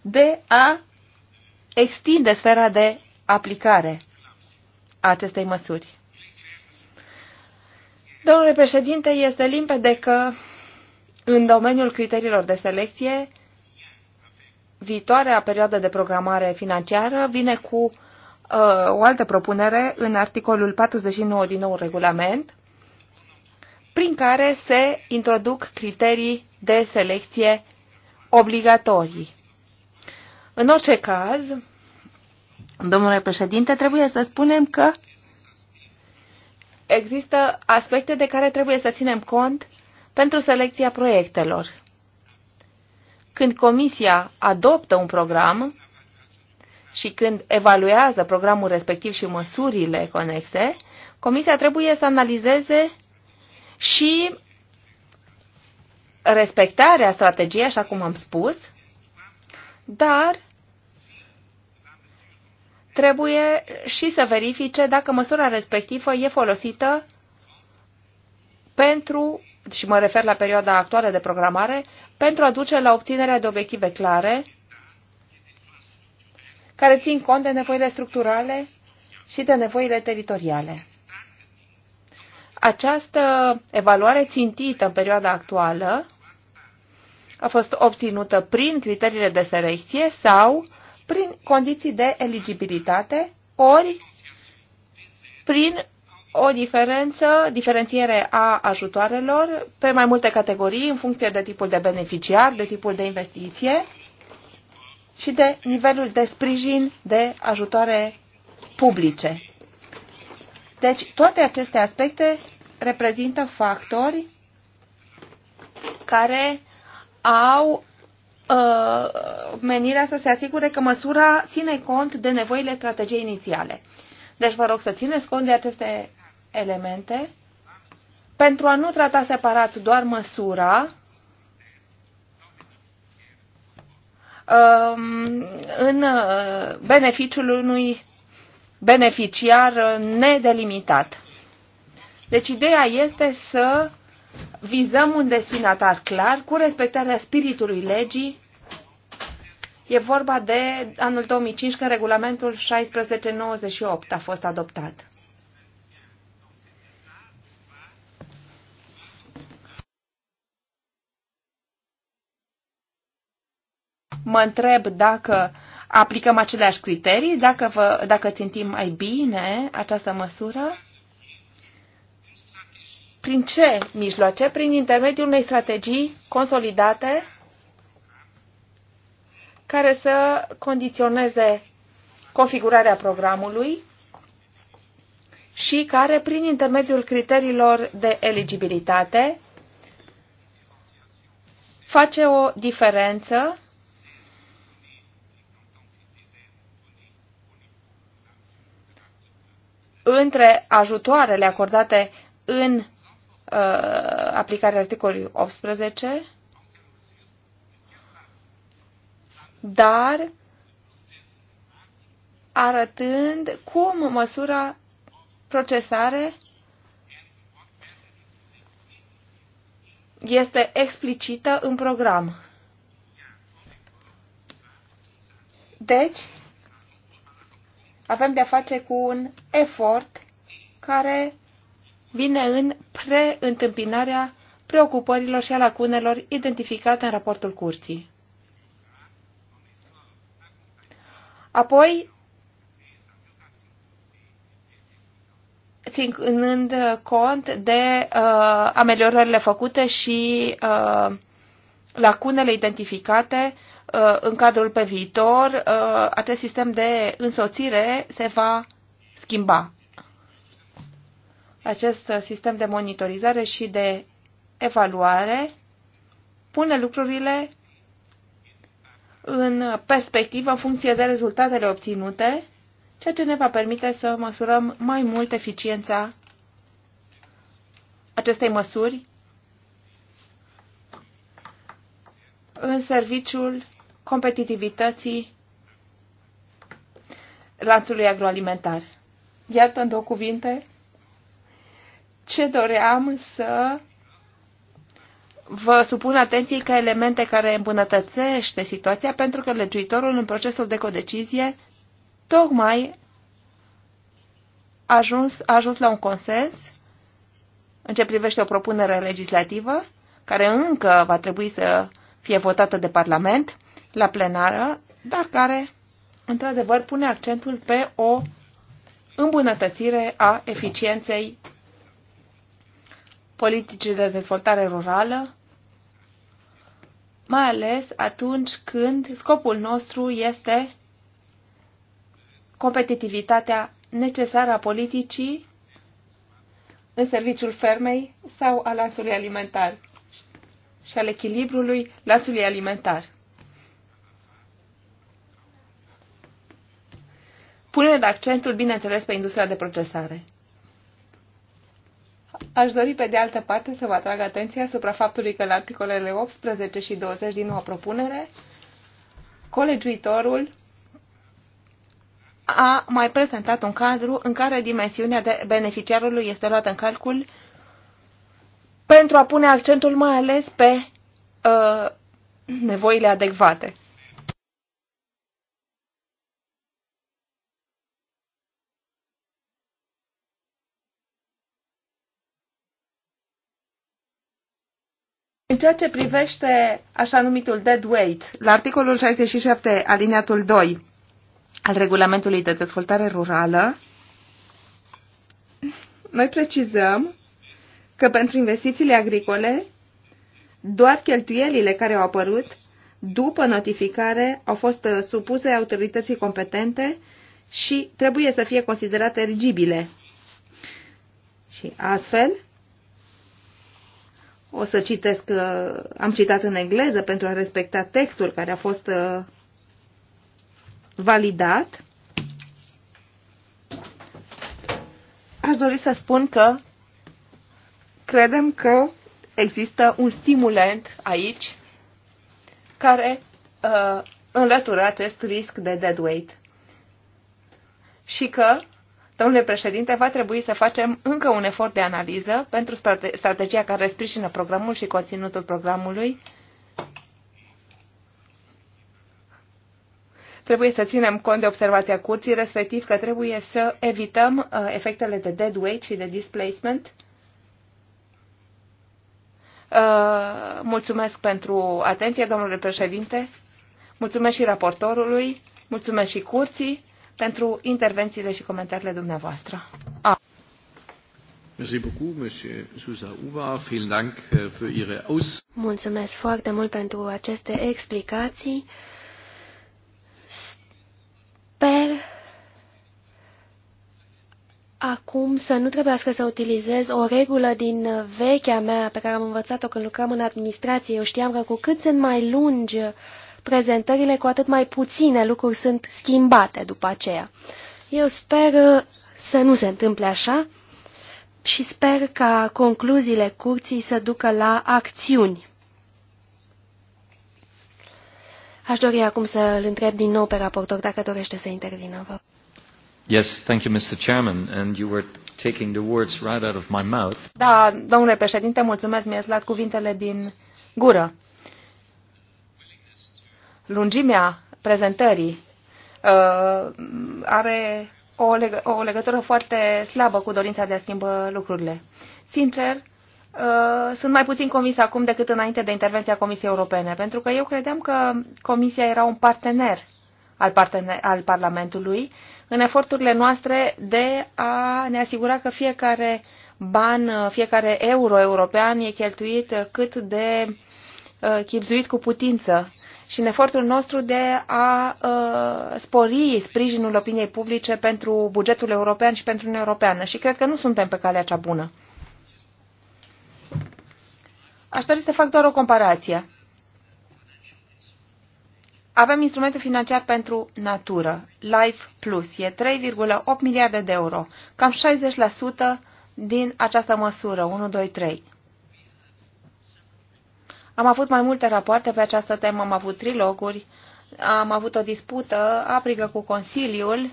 de a extinde sfera de aplicare a acestei măsuri. Domnule președinte, este limpede că în domeniul criteriilor de selecție, viitoarea perioadă de programare financiară vine cu uh, o altă propunere în articolul 49 din nou regulament, prin care se introduc criterii de selecție obligatorii. În orice caz, domnule președinte, trebuie să spunem că există aspecte de care trebuie să ținem cont pentru selecția proiectelor. Când Comisia adoptă un program și când evaluează programul respectiv și măsurile conexe, Comisia trebuie să analizeze și respectarea strategiei, așa cum am spus, dar trebuie și să verifice dacă măsura respectivă e folosită pentru, și mă refer la perioada actuală de programare, pentru a duce la obținerea de obiective clare care țin cont de nevoile structurale și de nevoile teritoriale. Această evaluare țintită în perioada actuală a fost obținută prin criteriile de selecție sau prin condiții de eligibilitate ori prin o diferență, diferențiere a ajutoarelor pe mai multe categorii în funcție de tipul de beneficiar, de tipul de investiție și de nivelul de sprijin de ajutoare publice. Deci toate aceste aspecte reprezintă factori care au Uh, menirea să se asigure că măsura ține cont de nevoile strategiei inițiale. Deci vă rog să țineți cont de aceste elemente pentru a nu trata separat doar măsura um, în uh, beneficiul unui beneficiar nedelimitat. Deci ideea este să vizăm un destinatar clar cu respectarea spiritului legii. E vorba de anul 2005 când regulamentul 1698 a fost adoptat. Mă întreb dacă aplicăm aceleași criterii, dacă, vă, dacă țintim mai bine această măsură. Prin ce mijloace? Prin intermediul unei strategii consolidate care să condiționeze configurarea programului și care, prin intermediul criteriilor de eligibilitate, face o diferență între ajutoarele acordate în Uh, aplicarea articolului 18, dar arătând cum măsura procesare este explicită în program. Deci, avem de-a face cu un efort care vine în preîntâmpinarea preocupărilor și a lacunelor identificate în raportul curții. Apoi, ținând cont de uh, ameliorările făcute și uh, lacunele identificate uh, în cadrul pe viitor, uh, acest sistem de însoțire se va schimba acest sistem de monitorizare și de evaluare pune lucrurile în perspectivă în funcție de rezultatele obținute, ceea ce ne va permite să măsurăm mai mult eficiența acestei măsuri în serviciul competitivității lanțului agroalimentar. Iată, în două cuvinte, ce doream să vă supun atenției ca elemente care îmbunătățește situația pentru că legiuitorul în procesul de codecizie tocmai a ajuns, a ajuns la un consens în ce privește o propunere legislativă care încă va trebui să fie votată de Parlament la plenară, dar care, într-adevăr, pune accentul pe o îmbunătățire a eficienței politicii de dezvoltare rurală, mai ales atunci când scopul nostru este competitivitatea necesară a politicii în serviciul fermei sau a lanțului alimentar și al echilibrului lanțului alimentar. Punând accentul, bineînțeles, pe industria de procesare. Aș dori, pe de altă parte, să vă atrag atenția asupra faptului că la articolele 18 și 20 din noua propunere, colegiuitorul a mai prezentat un cadru în care dimensiunea de beneficiarului este luată în calcul pentru a pune accentul mai ales pe uh, nevoile adecvate. În ceea ce privește așa numitul dead weight, la articolul 67, aliniatul 2 al regulamentului de dezvoltare rurală, noi precizăm că pentru investițiile agricole, doar cheltuielile care au apărut după notificare au fost uh, supuse autorității competente și trebuie să fie considerate eligibile. Și astfel, o să citesc, uh, am citat în engleză pentru a respecta textul care a fost uh, validat. Aș dori să spun că credem că există un stimulant aici care uh, înlătură acest risc de dead weight și că Domnule președinte, va trebui să facem încă un efort de analiză pentru strategia care sprijină programul și conținutul programului. Trebuie să ținem cont de observația curții, respectiv că trebuie să evităm uh, efectele de dead weight și de displacement. Uh, mulțumesc pentru atenție, domnule președinte. Mulțumesc și raportorului. Mulțumesc și curții pentru intervențiile și comentariile dumneavoastră. A. Äh, Mulțumesc foarte mult pentru aceste explicații. Sper acum să nu trebuiască să utilizez o regulă din vechea mea pe care am învățat-o când lucram în administrație. Eu știam că cu cât sunt mai lungi prezentările, cu atât mai puține lucruri sunt schimbate după aceea. Eu sper uh, să nu se întâmple așa și sper ca concluziile curții să ducă la acțiuni. Aș dori acum să îl întreb din nou pe raportor dacă dorește să intervină. Vă. Yes, thank you, Mr. Chairman, and you were taking the words right out of my mouth. Da, domnule președinte, mulțumesc, mi-ați luat cuvintele din gură lungimea prezentării uh, are o, leg- o legătură foarte slabă cu dorința de a schimba lucrurile. Sincer, uh, sunt mai puțin convins acum decât înainte de intervenția Comisiei Europene, pentru că eu credeam că Comisia era un partener al, partener al Parlamentului în eforturile noastre de a ne asigura că fiecare ban, fiecare euro european e cheltuit cât de Uh, chipzuit cu putință și în efortul nostru de a uh, spori sprijinul opiniei publice pentru bugetul european și pentru Uniunea Europeană. Și cred că nu suntem pe calea cea bună. Aș dori să fac doar o comparație. Avem instrumente financiar pentru natură, Life Plus, e 3,8 miliarde de euro, cam 60% din această măsură, 1, 2, 3. Am avut mai multe rapoarte pe această temă, am avut triloguri, am avut o dispută aprigă cu Consiliul.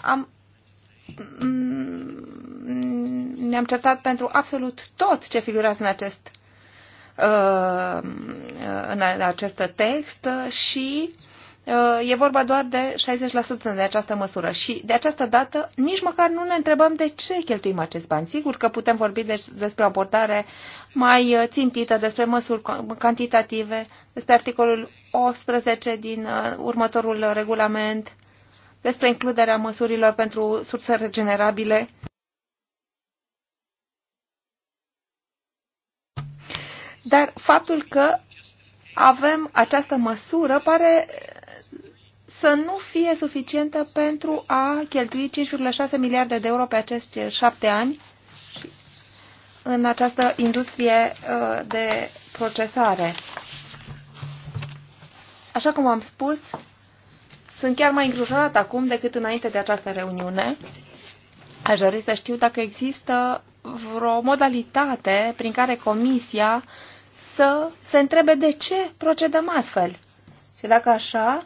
Am, mm, ne-am certat pentru absolut tot ce figurează în acest, uh, în acest text și Uh, e vorba doar de 60% de această măsură și de această dată nici măcar nu ne întrebăm de ce cheltuim acest bani. Sigur că putem vorbi de, despre o abordare mai uh, țintită, despre măsuri cantitative, despre articolul 18 din uh, următorul regulament, despre includerea măsurilor pentru surse regenerabile. Dar faptul că avem această măsură pare să nu fie suficientă pentru a cheltui 5,6 miliarde de euro pe acești șapte ani în această industrie uh, de procesare. Așa cum am spus, sunt chiar mai îngrijorat acum decât înainte de această reuniune. Aș dori să știu dacă există vreo modalitate prin care Comisia să se întrebe de ce procedăm astfel. Și dacă așa,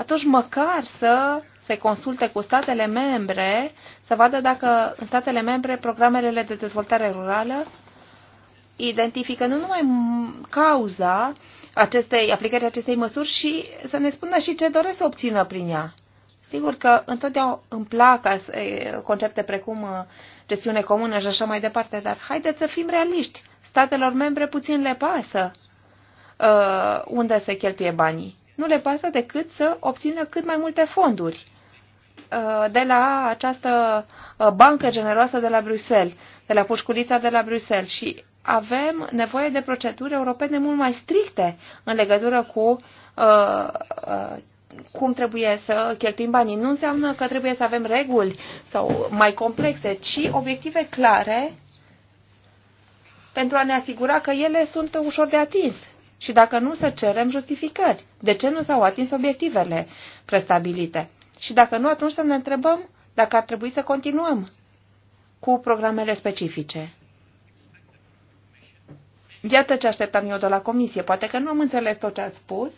atunci măcar să se consulte cu statele membre, să vadă dacă în statele membre programele de dezvoltare rurală identifică nu numai cauza acestei aplicării acestei măsuri și să ne spună și ce doresc să obțină prin ea. Sigur că întotdeauna îmi plac concepte precum uh, gestiune comună și așa mai departe, dar haideți să fim realiști. Statelor membre puțin le pasă uh, unde se cheltuie banii nu le pasă decât să obțină cât mai multe fonduri uh, de la această uh, bancă generoasă de la Bruxelles, de la pușculița de la Bruxelles și avem nevoie de proceduri europene mult mai stricte în legătură cu uh, cum trebuie să cheltuim banii. Nu înseamnă că trebuie să avem reguli sau mai complexe, ci obiective clare pentru a ne asigura că ele sunt ușor de atins și dacă nu, să cerem justificări. De ce nu s-au atins obiectivele prestabilite? Și dacă nu, atunci să ne întrebăm dacă ar trebui să continuăm cu programele specifice. Iată ce așteptam eu de la comisie. Poate că nu am înțeles tot ce ați spus.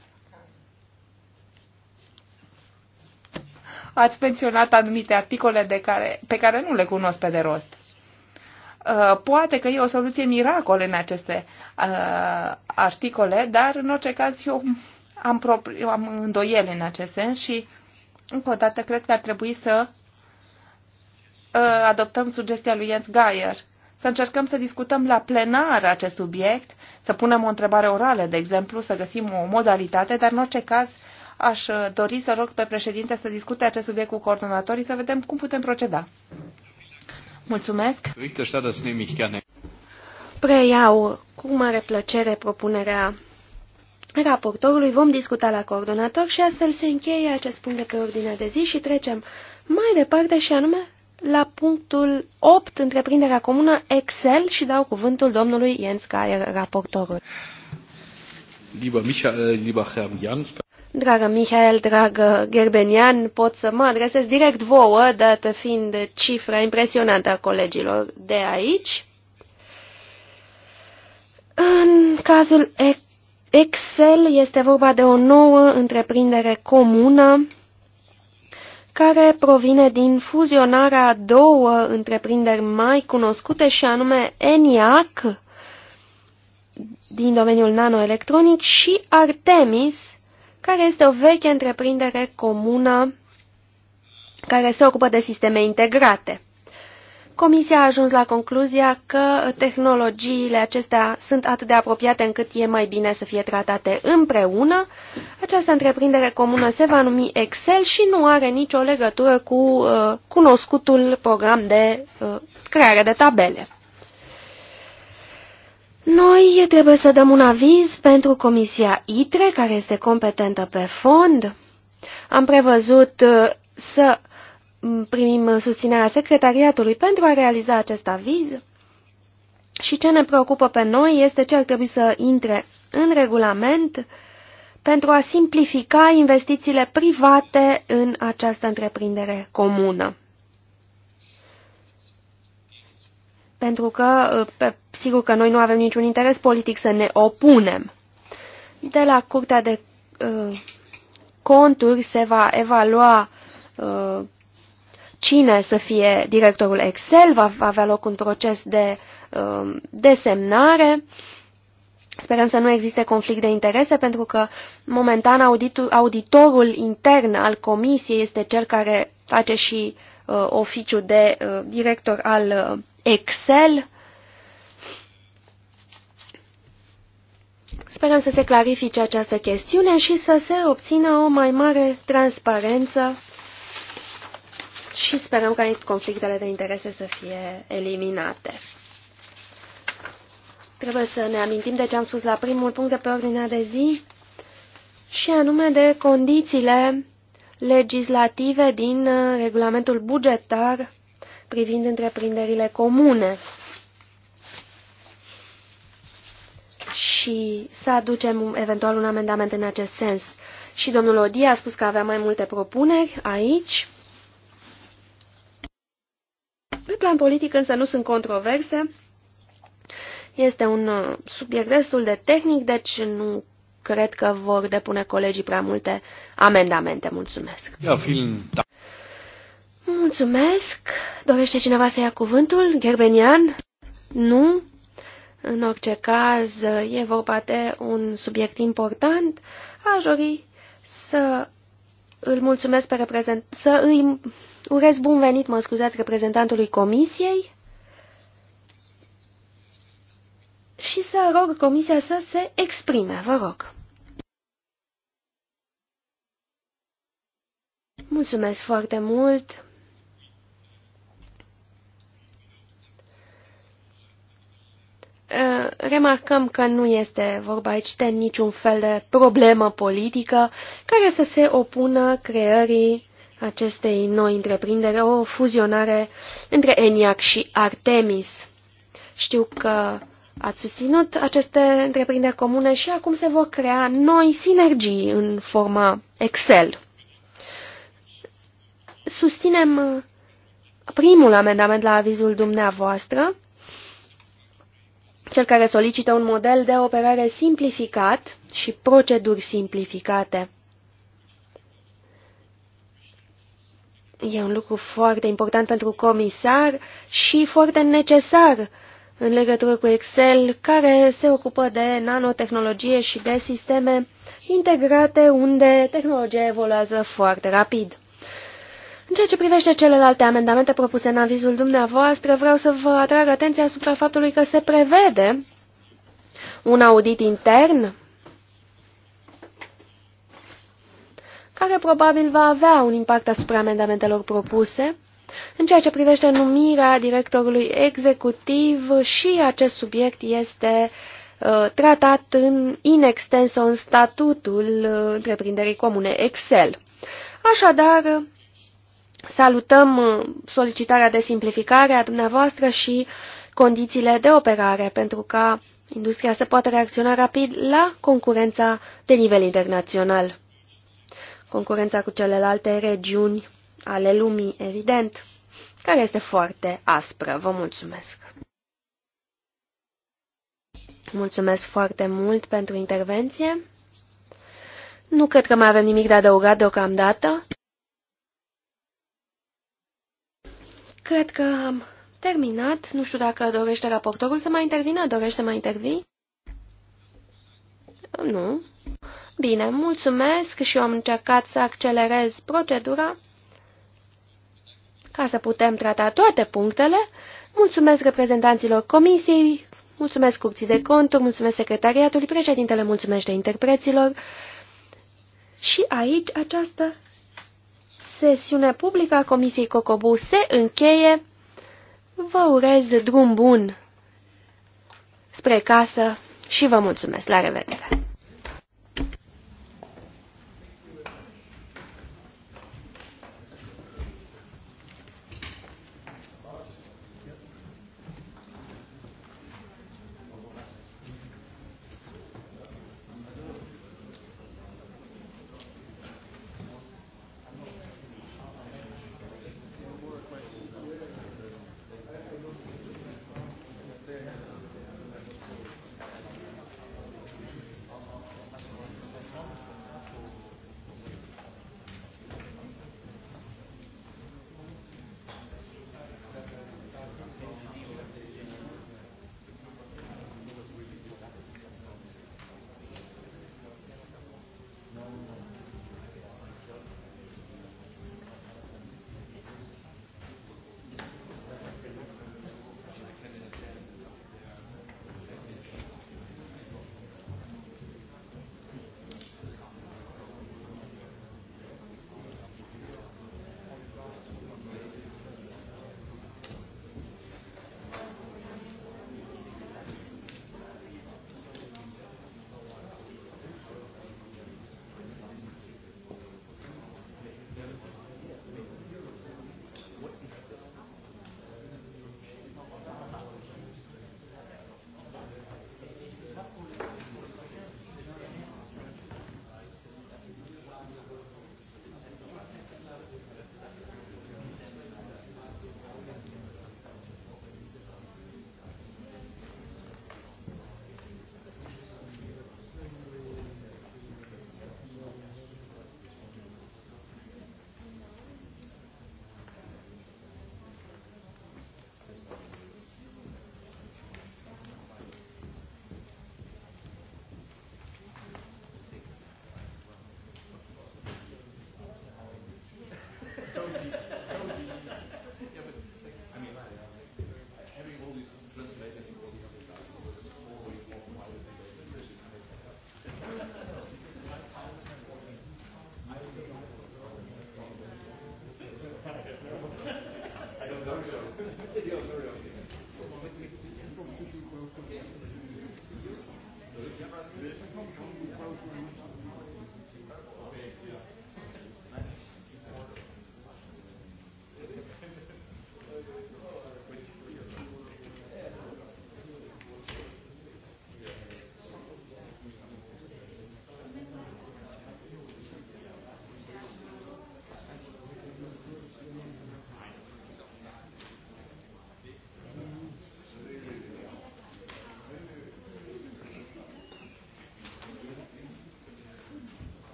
Ați menționat anumite articole de care, pe care nu le cunosc pe de rost. Uh, poate că e o soluție miracol în aceste uh, articole, dar în orice caz eu am, propriu, am îndoieli în acest sens și încă o dată cred că ar trebui să uh, adoptăm sugestia lui Jens Geier, să încercăm să discutăm la plenar acest subiect, să punem o întrebare orală, de exemplu, să găsim o modalitate, dar în orice caz aș dori să rog pe președinte să discute acest subiect cu coordonatorii, să vedem cum putem proceda. Mulțumesc. Preiau cu mare plăcere propunerea raportorului. Vom discuta la coordonator și astfel se încheie acest punct de pe ordinea de zi și trecem mai departe și anume la punctul 8, întreprinderea comună Excel și dau cuvântul domnului Jens Geier, raportorul. Lieber Michael, lieber Herr Jan, Dragă Mihail, dragă Gerbenian, pot să mă adresez direct vouă, dată fiind cifra impresionantă a colegilor de aici. În cazul Excel este vorba de o nouă întreprindere comună care provine din fuzionarea două întreprinderi mai cunoscute și anume ENIAC din domeniul nanoelectronic și Artemis care este o veche întreprindere comună care se ocupă de sisteme integrate. Comisia a ajuns la concluzia că tehnologiile acestea sunt atât de apropiate încât e mai bine să fie tratate împreună. Această întreprindere comună se va numi Excel și nu are nicio legătură cu uh, cunoscutul program de uh, creare de tabele. Noi trebuie să dăm un aviz pentru Comisia ITRE, care este competentă pe fond. Am prevăzut uh, să mm, primim susținerea secretariatului pentru a realiza acest aviz. Și ce ne preocupă pe noi este ce ar trebui să intre în regulament pentru a simplifica investițiile private în această întreprindere comună. pentru că ă, pe, sigur că noi nu avem niciun interes politic să ne opunem. De la Curtea de uh, Conturi se va evalua uh, cine să fie directorul Excel, va, va avea loc un proces de uh, desemnare. Sperăm să nu existe conflict de interese, pentru că momentan auditul, auditorul intern al comisiei este cel care face și uh, oficiu de uh, director al uh, Excel. Sperăm să se clarifice această chestiune și să se obțină o mai mare transparență și sperăm ca conflictele de interese să fie eliminate. Trebuie să ne amintim de ce am spus la primul punct de pe ordinea de zi și anume de condițiile legislative din uh, regulamentul bugetar privind întreprinderile comune și să aducem eventual un amendament în acest sens. Și domnul Odie a spus că avea mai multe propuneri aici. Pe plan politic însă nu sunt controverse. Este un uh, subiect destul de tehnic, deci nu cred că vor depune colegii prea multe amendamente. Mulțumesc! Ja, Mulțumesc. Dorește cineva să ia cuvântul? Gerbenian? Nu? În orice caz, e vorba de un subiect important. Aș dori să îl mulțumesc pe reprezent... să îi urez bun venit, mă scuzați, reprezentantului comisiei și să rog comisia să se exprime, vă rog. Mulțumesc foarte mult! Eh, remarcăm că nu este vorba aici de niciun fel de problemă politică care să se opună creării acestei noi întreprinderi, o fuzionare între ENIAC și Artemis. Știu că ați susținut aceste întreprinderi comune și acum se vor crea noi sinergii în forma Excel. Susținem primul amendament la avizul dumneavoastră, cel care solicită un model de operare simplificat și proceduri simplificate. E un lucru foarte important pentru comisar și foarte necesar în legătură cu Excel, care se ocupă de nanotehnologie și de sisteme integrate unde tehnologia evoluează foarte rapid. În ceea ce privește celelalte amendamente propuse în avizul dumneavoastră, vreau să vă atrag atenția asupra faptului că se prevede un audit intern care probabil va avea un impact asupra amendamentelor propuse, în ceea ce privește numirea directorului executiv și acest subiect este uh, tratat în in extenso în statutul uh, întreprinderii comune Excel. Așadar, Salutăm uh, solicitarea de simplificare a dumneavoastră și condițiile de operare pentru ca industria să poată reacționa rapid la concurența de nivel internațional. Concurența cu celelalte regiuni ale lumii, evident, care este foarte aspră. Vă mulțumesc! Mulțumesc foarte mult pentru intervenție. Nu cred că mai avem nimic de adăugat deocamdată. Cred că am terminat. Nu știu dacă dorește raportorul să mai intervină. Dorește să mai intervii? Nu. Bine, mulțumesc și eu am încercat să accelerez procedura ca să putem trata toate punctele. Mulțumesc reprezentanților comisiei, mulțumesc curții de conturi, mulțumesc secretariatului, președintele mulțumește interpreților. Și aici această Sesiunea publică a Comisiei Cocobu se încheie. Vă urez drum bun spre casă și vă mulțumesc. La revedere!